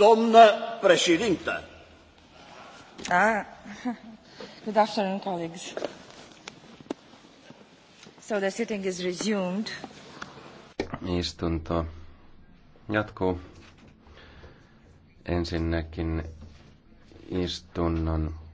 Doamnă președintă! Ah. Good afternoon, colleagues. So the sitting is resumed. Istunto jatkuu. Ensinnäkin istunnon